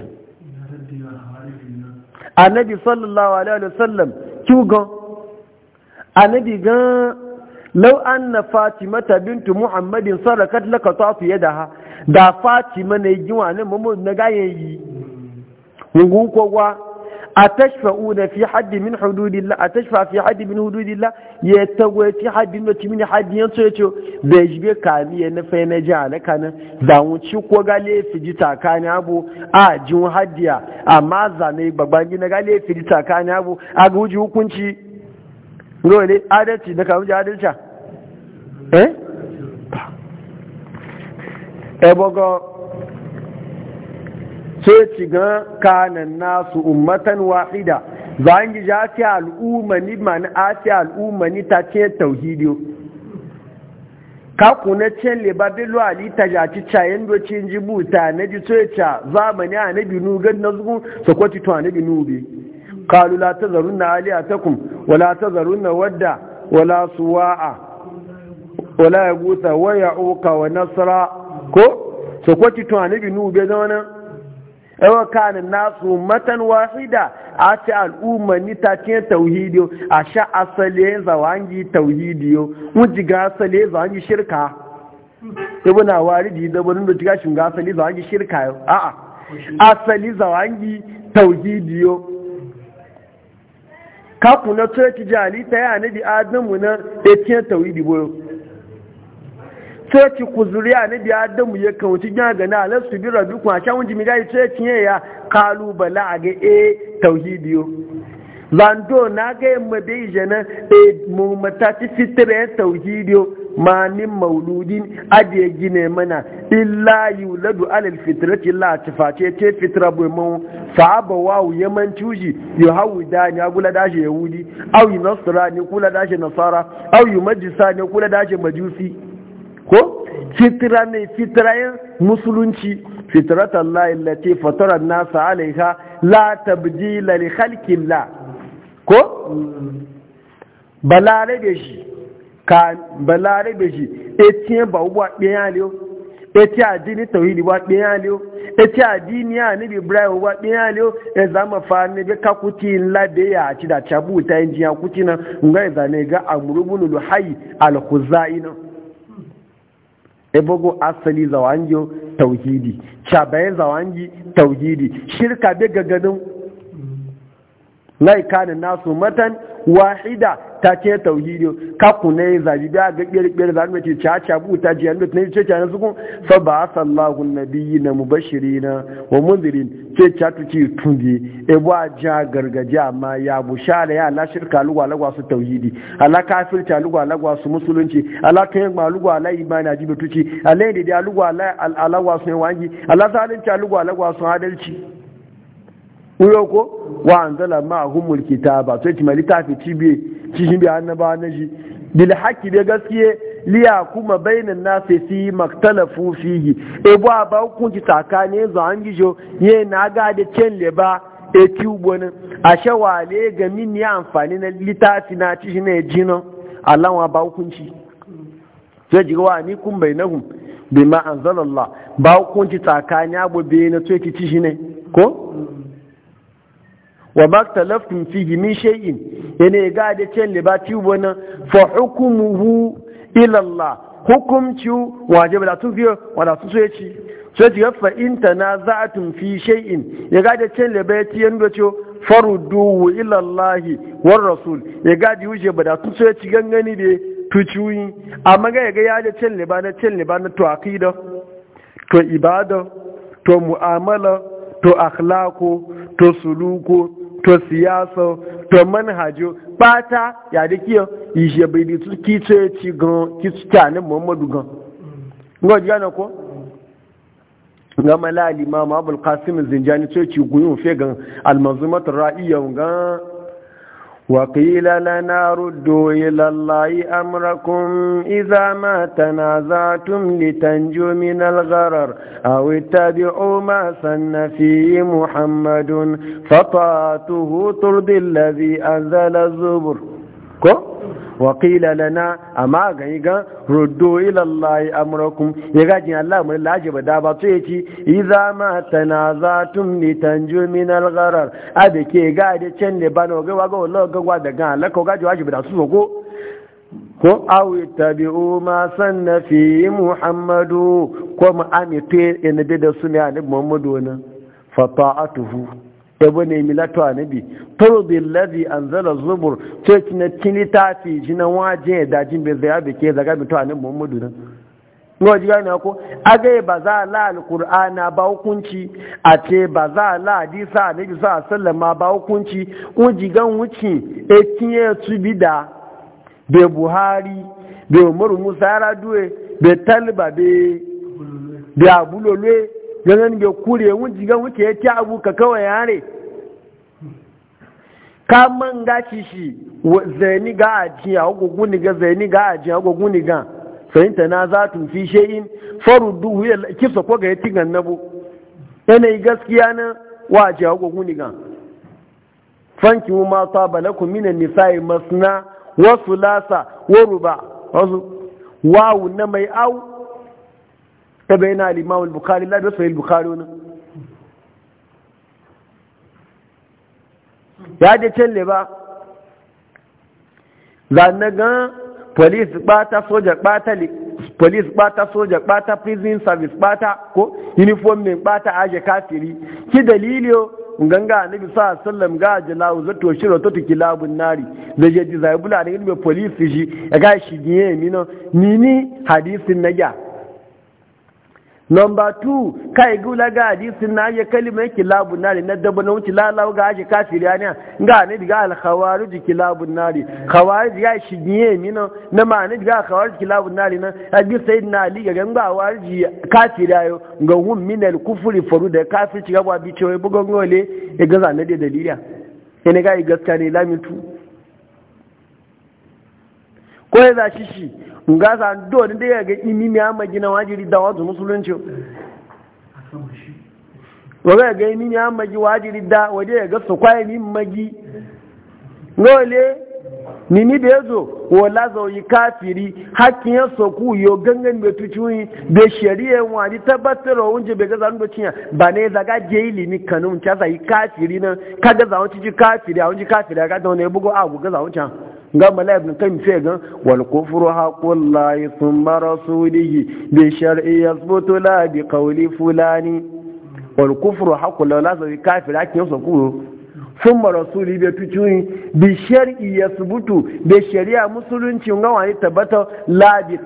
annabi sallallahu alaihi wasallam kyugon annabi gan lau an na fatimata bintu muhammadin sarakat laka tafi yadaha da fatima na yi giwa na gayen yi ko gwa atashfa'una fi haddi min hududillah atashfa fi haddi min hududillah ya tagwe fi min min haddi yan so yace bai jibe kami ya na fai na ji alaka nan da wuci ko ga lefi ji takani abu a jin haddiya amma zane babban gina ga lefi ji takani abu a ga wuji hukunci dole ji eh sai ci gan kanan nasu ummatan wahida za a yi jafi al'umani mani ati al'umani ta ce tauhidiyo kaku na cin libabilo ali ta jaci cayen docin jibuta na ji soyaca zamani a na binu gan na zugun sakwati to a na binu bi kalu la ta zarun na aliyatakum wala ta zarun na wadda wala suwa'a wala ya gusa waya uka wa nasara ko sakwati to a na binu bi zama nan ewa kanin nasu matan wahida a ce al'umma ni ta ce tauhidiyo a sha asali zawangi tauhidiyo mun ji ga asali zawangi shirka ibuna waridi da bunin da jiga shi ga asali zawangi shirka yau? a'a asali zawangi tauhidiyo kafu na tsoye tijali ta yi anabi adamu na ya ce tauhidiyo coci ku zuriya na biya adamu ya kawo cikin gana alas su bira duk ma can wujimi dai coci ne ya kalubala a ga e eh, tauhidiyo zando na ga yamma dai jana e eh, mu mata ci fitira ya tauhidiyo ma ni mauludin adiye gine mana illa yuladu alal fitrati la tafate ce fitra bu mu sahaba wa yaman tuji yuhawida ni agula dashi yahudi au yunasra ni kula dashi nasara au majisa ni kula dashi majusi ko fitra ne fitrayen musulunci fitrat Allah allati fatara nasa alaiha la tabdila li la ko balare da shi ka balare be shi etien ba wa deyan le o eti adini tauhidi wa deyan aliyo o eti adini ya ni ibrahim wa deyan aliyo o e zama fa ne be kakuti la de ya ci da chabu ta kuti na ngai zane ga amrubul hayy al-khuzaina ebogo asali zawangi tauhidi shabai zawangi tauhidi shirka be gaganin kana nasu matan wahida ta ce tauhidi ka kuna yin zabi biya ga kirkir zabi mai cewa ca buta jiyan da tunan ce na sukun fa ba a sallahu biyi na bashiri na wa munzirin ce ca ce tungi e bu a ja gargaji amma ya bu da ya ala shirka lugwa lagwa su tauhidi ala kafirta lugwa lagwa su musulunci ala kan yin lugwa ala imani a jibi tuci ala yi da lugwa ala lagwa su yin ala ala zalinta lugwa lagwa su adalci. kuyo ko wa anzala ma'ahumul kitaba to ki malita fi cibiye cikin bi annaba na shi bil haqqi bi gaskiye liya kuma bainan nasi fi maktalafu fihi e ba ba zo an gijo ye na ga da cen le ba e ti ubona a shawale ga min ya amfani na litafi na cikin ne jino Allah wa ba ci sai e ji wa ni kun bainahum bima anzalallah ba hukunci tsakane abu be na e to ci cikin ne ko wa ma talaftum fihi min shay'in yana ga da cin libati wannan fa hukumuhu ila Allah hukumci wajibi da tun fiye wala su soye ci so ci fa in tun fi shay'in ya ga da cin libati da ce faruduhu ila Allah war rasul ya ga da yuje ba da tun ya ci gangani da tuciwi amma ga ya ga ya da cin na cin na, to aqida to ibada to mu'amala to akhlaqo to suluko to siyasa to manhajo pata ya da kiyo ishe bai da su kice ci gan ta ne muhammadu gan ngo jiya ko ga malali imam abul qasim zinjani to ci guyun fe gan al manzumat gan وقيل لنا ردوا إلى الله أمركم إذا ما تنازعتم لتنجوا من الغرر أو اتبعوا ما سن فيه محمد فطاعته ترضي الذي أنزل الزبر كو waƙila lana amma ga gan rodo ilallahi amurakun ya gajin Allah mai laji ba da ba to yake iza ma tana za tun ni tanju min algharar a ke ga da can da ba na gawa ga wallah gawa da gan alaka gaji waji ba da su ko ko awi tabi'u ma sanna fi muhammadu ko mu amite in da su ne muhammadu na fata'atuhu yabo ne milato anabi lazi an anzala zubur to kina kini tafi na wajen da daji be zai be ke daga mito anabi muhammadu nan ngo jiga ne ko aga e ba za la alqur'ana ba hukunci a ce ba za la hadisa anabi sallama ba hukunci ji gan wuci e tiye su bida be buhari be umar musa raduwe be talba be be abulolwe ganin bai kure wun jigan wuce ya ci abu ka kawai ne ka man gaci shi zaini ga ajiya gugu ni ga zaini ga ajiya gugu ni ga fahimta na za tun fi faru duhu ya kisa ko ga na bu yanayi gaskiya na wa ajiya gugu ni ga fanki mu ma saba lakum minan nisa'i masna wasu lasa wa ruba wawu na mai au ta yana al bukari, al-bukhari la da sahih bukhari ne ya je can ba zanna ga police bata soja bata police bata soja bata prison service bata ko uniform ne bata aje kafiri ki dalilio ganga annabi sa sallam ga jalawu zato shiro to to kilabun nari da je ji zaibula da ilmi polis shi ga shi ne ni no ni ni hadisin naja Nomba 2 kai gula ga hadisin na ya kalimar kilabun nari na dabo na wuce lalawa ga ake kafiri ya niya ga ne diga alkhawari ji kilabun nari khawari ya shigiye mi na na ma ne diga alkhawari ji kilabun nari na hadis sai na ali ga ganga khawari ji kafiri ayo ga hun min al kufri faru da kafiri ci gaba bi cewa bugon gole ya e e ga zane da dalila ina ga gaskiya ne lamitu ko ya shi shi nga sa do ni daga ga imi mi amma gina wajiri da wato musulunci waga ga imi mi amma gi wajiri da waje ga su kwaye mi magi ngole ni ni da yazo wala zo yi kafiri hakkin ya soku yo gangan be tucuyi be shari'a wani tabbatar wunje be ga zan do cinya ba ne zaga je ni kanun ta sai kafiri nan kaga zawon ci kafiri a wunje kafiri ga da ne bugo a buga zawon can ga mala ibn kan ce gan layi sun mara su rasulihi bi shari'i ya la bi qawli fulani wal kufru haqqullahi kafin zai kafir akin so kuro thumma rasulihi bi tuchuyi bi ya yathbutu bi shari'a musulunci ga wani tabbata la bi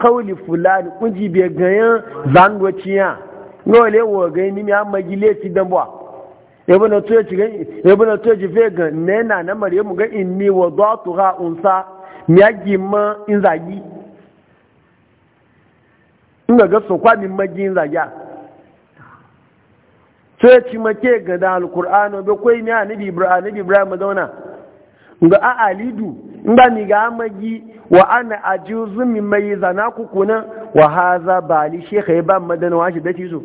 fulani kunji bai ganyen zango ciya ngole wo ga ni mi amma gile ti dambuwa yabi na tuya ci gani na ga na na maryamu ga inni wa dhatu ha unsa miyagi ma in zagi in ga so kwa min magi in zagi tuya ci make ga da alqur'ano be koi ni anabi ibrahim anabi ibrahim zauna ga a alidu in ba ni ga magi wa ana ajuzu min mai zana kukuna wa haza bali shekha ya ba madana wa shi da ci so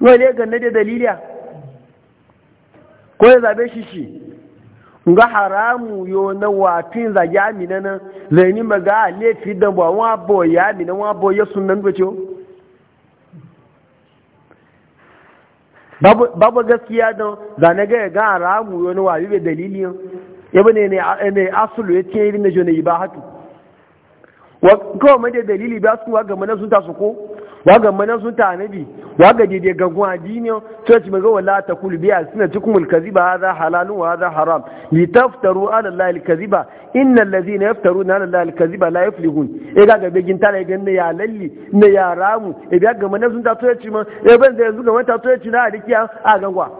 wale ganna da daliliya ko ya zabe shi shi nga haramu yo na watin za ya na zaini maga lefi da ba wa bo ya mina wa bo ya sunan ba ciwo babu gaskiya don zane ga ga haramu yo na wabi bai dalili yo yabo ne ne asulu ya tiye na jona ibahatu wa kawai mai da dalili ba su wa gama na sun tasu ko waga mana sun ta anabi waga dede ga gun adini to ci maga wala ta kulu biya suna ci kumul kaziba hadha halalun wa hadha haram li taftaru ala allahi al kaziba inna allazina yaftaruna ala allahi al kaziba la yuflihun e ga e ga begin tare ga ne ya lalli ne ya ramu e ga ga mana sun ta to ci ma e ban sai yanzu ga mata to ci na adikiya a gangwa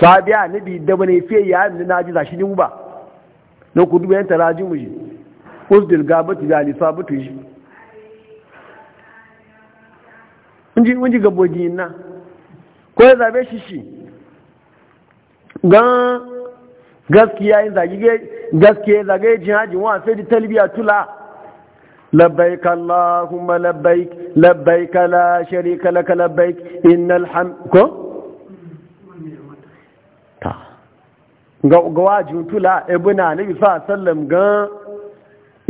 sabi nabi da bane fe ya na ji zashi ni uba na kudu yan taraji mu ji usdil gabati da alisa butu shi inji ga ko ya zabe shi shi gan gaskiya yin zagige gaskiya zagaye jihajin wa sai da talbiya tula لبيك اللهم لبيك لبيك لا شريك لك لبيك إن الحمد كو ga wajin tula Ibnu e nabi fa sallam gan.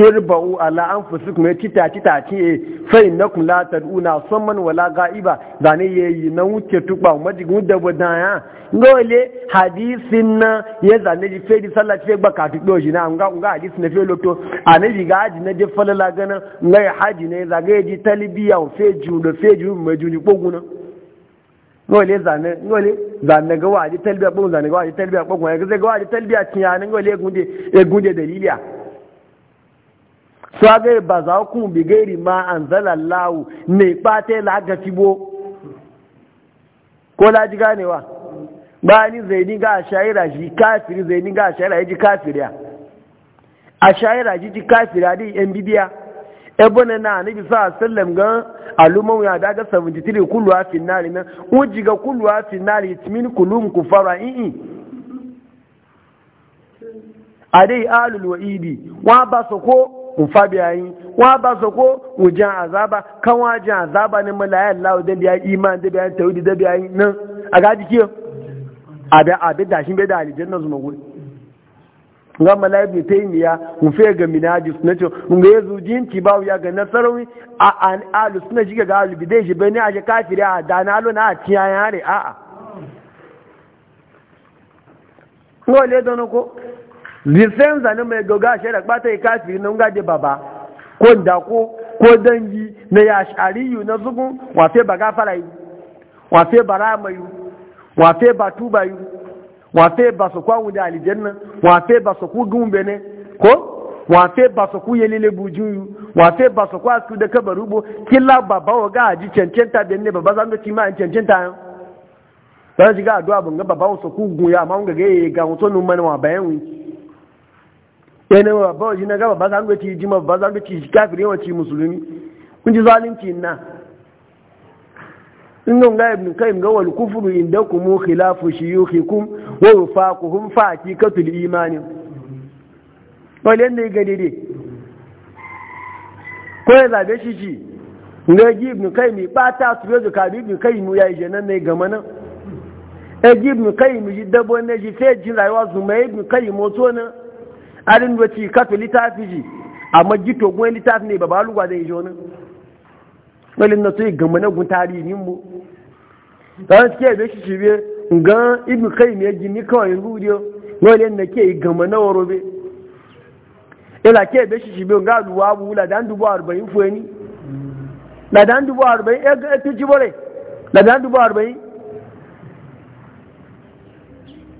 irba'u ala an cita ya tita tita ce eh, kula ta la son samman wala ga'iba zane yayi na wuce tukba majigin da badaya gole hadisin na ya zane ji fe di sallah fe ba ka tukdo na nga nga hadisin na fai loto na ga gaji na je falala gana nga haji ya zaga ji talibiya fai ju da fai ju majuni koguna gole zane ngole zane ga waji talibiya ko zane ga ji talibiya ya ga zane ga waji talibiya tiyanin gole gunde e gunde daliliya swaga ba za ku bi gairi ma an zalallahu ne ɓata lagaci bo ko laji ganewa ba ni zaini ga a shayira shi kafiri zaini ga a shayira ya ji kafiriya a shayira ji ji kafiriya din yan bidiya ebona na anabi sa sallam ga alumau ya daga 73 kullu a finnari nan ga kullu a finnari min kulum kufara A adai alul wa'idi wa ba su ko nfa wa ba su ko jin azaba kan wajen azaba ne mulaya lawo da biya iman da biya tawhid da biya nan a gaji kiyo abi abi da shin bai da aljanna zuma gure ga malaib ne taymiya mu fe ga minaji sunna ce mun ga yazu ti bawo ya ga nasarawi a an alu sunna jiga ga alu bidai shi bai ne a kafiri a da na alu na a ciya yare a a ngole dono ko lisan zane mai gauga shi da ɓata ya kafi nan baba ko dako ko dangi na ya shariyu na zugun wafe ba gafara yi wafe ba ramayu wafe ba tubayu wafe ba su kwanwu da aljanna wafe ba su ku gumbe ne ko wafe ba su ku buju bujuyu wafe ba su ku asku da kabaru bo kila baba wa ga ji cancanta da ne baba zan ga ci ma cancanta yan zan shiga addu'a bun ga baba su ku guya amma mun ga ga ga wato nun wa bayan wi Yanayin wa bawa na gaba ba za mu ci jima ba za mu ci kafir yawanci musulmi kun ji zalunci na in nan ga ibn kayyim ga wal kufru indakum khilafu shuyukhikum wa rufaquhum fa hakikatul iman wale ne ga dide ko ya zabe shi shi ga ibn kayyim ba bata su yazo ka ibn kayyim ya yi nan ne ga mana e ibn kayyim ji dabo ne ji sai ji rayuwa zuma ibn kayyim to na arin ci kafe littafi ji amma majito gwen littafi ne ba ba lugwa zai jo nan walin na tsoye gama na guntari nin mu tsaron suke yabe shi shibe ga ibi kai mai gini kawai rudiyo walin na ke gama na warobe ila ke yabe shi shibe ga duwa wula ladan dubu arba'in fuweni ladan dubu arba'in ya e, ga e, ta jibore ladan dubu arba'in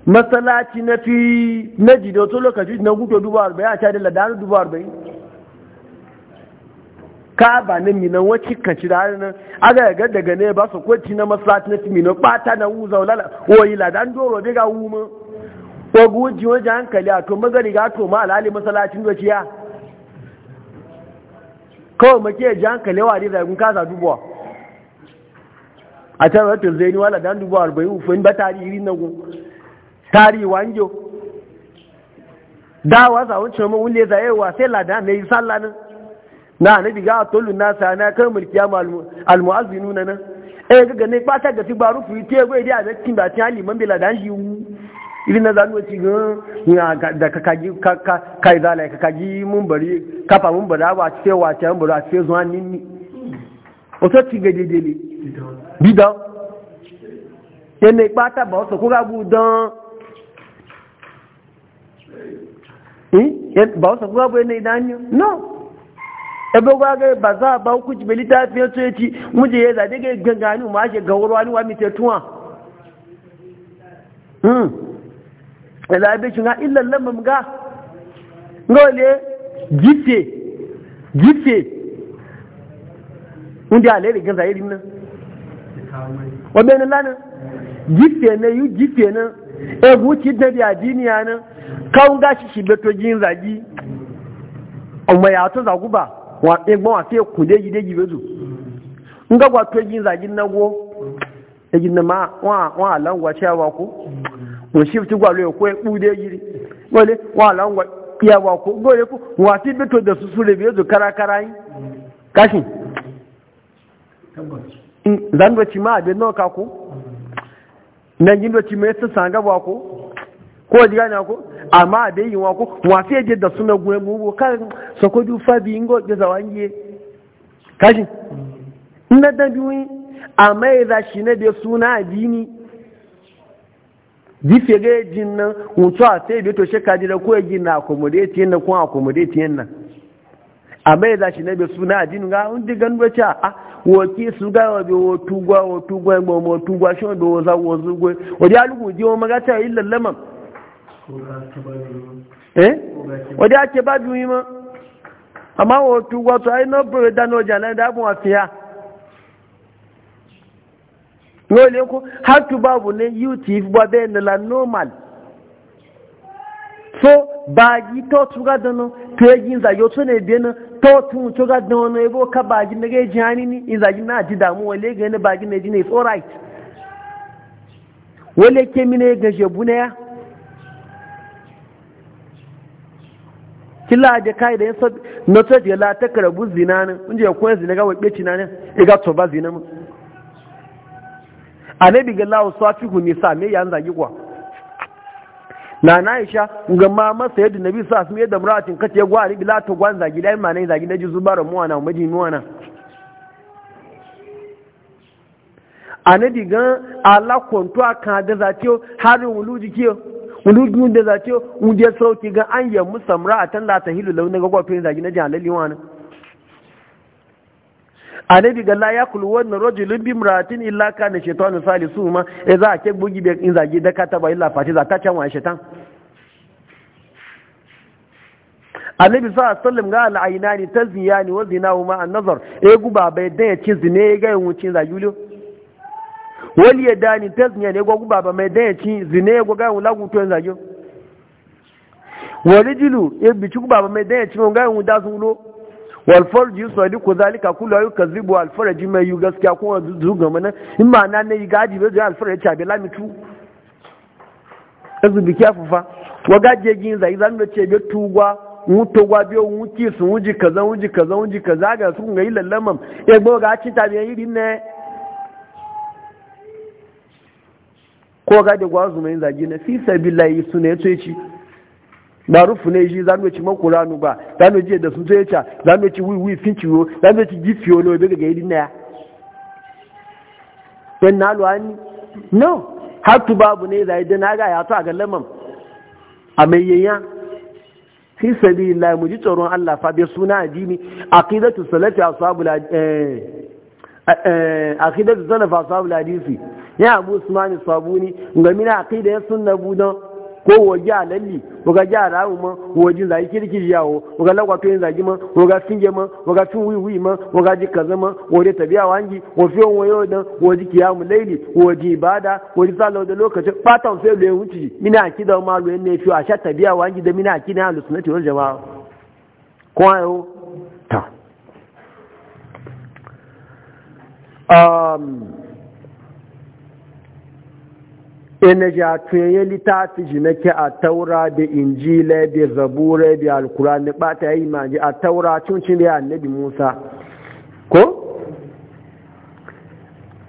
masalaci na fi na jide wato lokaci na gudu dubu arba'in a cadi ladanu dubu arba'in ka ba na minan wacce kan da hannun aga ga daga ne ba su kwanci na masalaci na fi minan bata na wuza wala oyi ladanu doro ne daga wuma ko ji wajen hankali a to magari ga to ma alhali masalacin dociya kawai maki ya ji hankali wa da kun kasa dubuwa a can ratul zai ni wa dubu arba'in ufin ba tarihi na gun tari wanjo dawa za wancan mun wule za yawa sai lada ne yi sallah nan na annabi ga atulun nasa na kan mulkiya al mu'azzinuna nan eh ga ne fata ga tibaru fi te go idi a da kin da tin ali man bila dan shi irin na zanuwa ci ga da kakaji kai zala kakaji mun bari kafa mun bari wa ce wa ce mun bari a ce zuwa ninni wato ci ga dedele bidan yana ipata ba wasu kuka bu dan. Eh? Eh, ba wasu kuma bai na idan yi no ebe ba ga ba za ba ku ji beli ta fiye to yaci muje ya zaje ga gangani mu ake ga wurwa ni wa mi tetuwa hmm ila e bi shi ga illa lamma mga ngole gife gife ndi ale ri ganza yiri nan wa bene lana gife ne yu gife nan e bu da bi adiniya nan kawun gashi shi beto jin zagi amma ya to zagu ba wa egbon wa fiye kunde gide gibe zu in ga gwa to jin zagi na go e jin na ma wa wa alan gwa cewa ko mo shift gwa lo e ku e kude gidi gole wa alan gwa ya wa ko gole ko wa ti beto da susu su le bezo kara kara yi kashi zan do ci ma be no ka ko nan jin do ci me e sanga ba ko ko diga na ko amma da yi wa ko wasu yaje da suna mu goyon gugu kan sakwadu fabi ingo da zawangiye kashi na da biyu amma ya shi ne da suna addini bife ga yajin nan mutu a sai bai to shekaji da ko yaji na accommodate yan nan ko accommodate yan nan amma ya e za shi ne da suna addini ga un digan doce a ah, woki su ga wa bi wotu gwa wotu gwa mo mo tu gwa shon do za wo zugwe wadi alugu ji o maga ta illal lamam eh wadda ake ba duni ma amma wato wato ai na buru da noja na da abin N'o lole ko har tu bu ne yuti ba bai na la normal so baagi to tuga dano to yi za yo to ne bien to tun tuga dano ne bo ka baagi ne ga jani ni in za na ji damu wale ga ne baagi ne ji ne it's all right wale ke mine ga jebu ne ya kila da kai da yasa na ta je la ta karabu zina nan kun je ko zina ga wabe ci nan e ga to ba zina mu annabi ga Allah safihu sa me ya zagi kwa na na Aisha ga ma masa yadda nabi sa asmi yadda muratin kace gwa ni bila to gwan zagi dai ma ne zagi da ji zubara mu wana maji mu wana annabi ga ala kontu aka da zatiyo harin wuluji kiyo rudun da za ce wuje sauki ga an yi musamra a tan lata hilu launin gwagwafin zagi na jihalali wani anabi galla ya kulu wani rajulun bi muratin illa na sali salisu ma e za ke bugi be in zagi da kata ba illa za ta can wa shaytan annabi sa sallam ga ne al'ainani taziyani wa zinahuma a nazar e guba bai da ya ci zine ga yin wucin wali ya dani tes nya ne gwagu baba mai dan ya ci zine ya gwaga wula gutu yanzu ajo wani jilu ya bici baba mai dan ya ci ga gayan wuda sun lo wal ji su ko zalika kullu ayu kazibu al ji mai yu gaskiya ko zu ga mana in ma nan ne gaji bai zai alfara ya cabe lamitu azu bi kyafufa wa je gin zai zan da ce bi tugwa to gwa biyo wuki su wuji kaza wuji kaza wuji kaza ga su ga yi e gbo ga ci bi yiri ne ko ga da gwazu mai zage na fi layi su ne to yaci ba rufu ne shi zanu ci makuranu ba zanu je da sun to yaca zanu ci wiwi, fin ciwo zanu ci gifiyo ne be ga yidi na Ɗan na ni? no hatu babu ne zai da na ga ya to a ga lamam a mai yayya fi layi mu ji tsoron Allah fa bi suna addini aqidatu salati ashabul eh, eh aqidatu salafa ashabul hadisi ya abu usmani sabuni ga mina aqida ya sunna budan ko waje alalli waga ja rawu ma waje zai kirkiri yawo waga lagwato yin zagi ma waga singe ma waga fin wiwi ma waga ji kaza ma waje tabiya wangi wafi yawan wayo dan waje kiyamu laili waje ibada waje sallah da lokacin fatan sai lo wuci mina akida ma lo ne fi a sha tabiya wangi da mina akida ahlus sunnati wal jamaa ko ayo ta um ina ja tuyayen littafi ji nake a taura da injila da zabura da alkurani ba ta yi ma ji a taura cuncin da annabi musa ko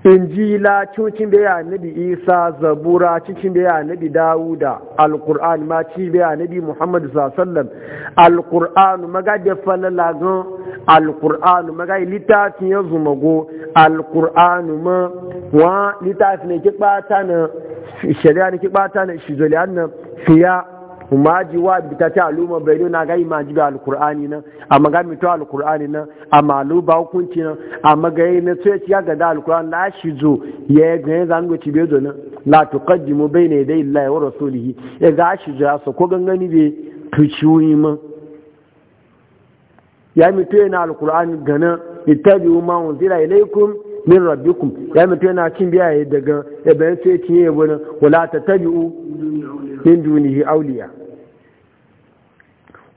injila cikin da ya nabi isa zabura cikin da ya nabi dawuda alkur'an ma ci da ya nabi muhammadu sallam alkur'an maga da falalagan alkur'an maga littafin ya zumago alkur'an ma wa littafin ne ki na shari'a ne ki bata na shizoliyan na fiya maji ji wa bita ta aluma bai na ga maji ba alqur'ani na amma ga mi to alqur'ani na amma lu ba hukunci na amma ga yi na sai ya ga da alqur'ani la shi zo ya ga ya zango ci bezo na la tuqaddimu bayna yaday illahi wa rasulih e ya ga shi zo so ko gangani be tuciwi ma ya mi to alqur'ani gana ittabi'u ma unzila ilaykum min rabbikum ya mutu yana cin ya daga ebe sai cinye wani wala ta tabi'u min dunihi awliya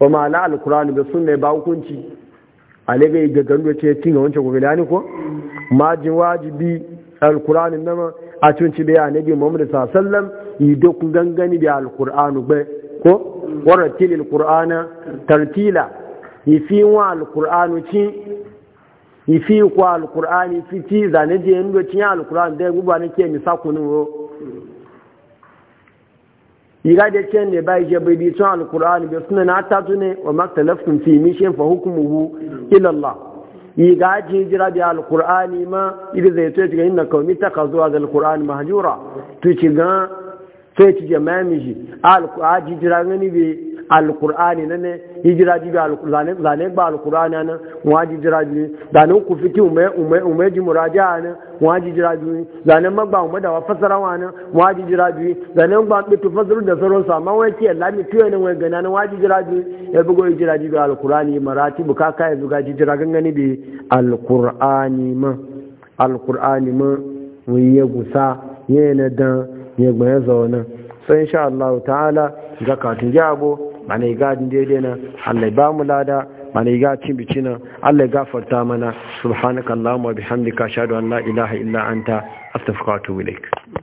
wa ma'ana alkurani da sunna ba hukunci alaga ga gando ce tinga wancan da lani ko majin wajibi alkurani nama a cinci da annabi Muhammad sallallahu alaihi sallam yi ku gangani da alkurani ba ko waratil alkurana tartila ifi wa alkurani ci ifi ku alkurani ci zane je ndo ci alkurani da guba ke mi sakunu yiga da ce ne bai je bai bitan alkur'ani bai suna na ta tune wa maktalafin fi mishin fa hukumuhu ila Allah yiga ji jira da alkur'ani ma ida zai to ga inna kaumi ta kazo ga alkur'ani mahjura to ci ga sai ci jama'a miji alkur'ani jira ngani bai alkur'ani na ne hijira jibi zane ba alkur'ani na wa jijira biyu zane ku fiti umai ji muraja na wa jijira biyu zane magba umai da fasara wa na wa jijira biyu zane gba bitu fasaru da sauran sa amma wai e ke lami tuyo e ne wai e gana na wa jijira biyu ya bugo hijira jibi alkur'ani marati buka kai zuga jijira gangani bi alkur'ani ma alkur'ani ma wai ya gusa yana da ya gbaya zaune sai insha Allah ta'ala ga katin jabo mana yi gadin daidai na Allah ba mu lada mana yi gacin bici na Allah gafarta mana subhanakallahumma bihamdika ashhadu an la ilaha illa anta astaghfiruka wa atubu ilaik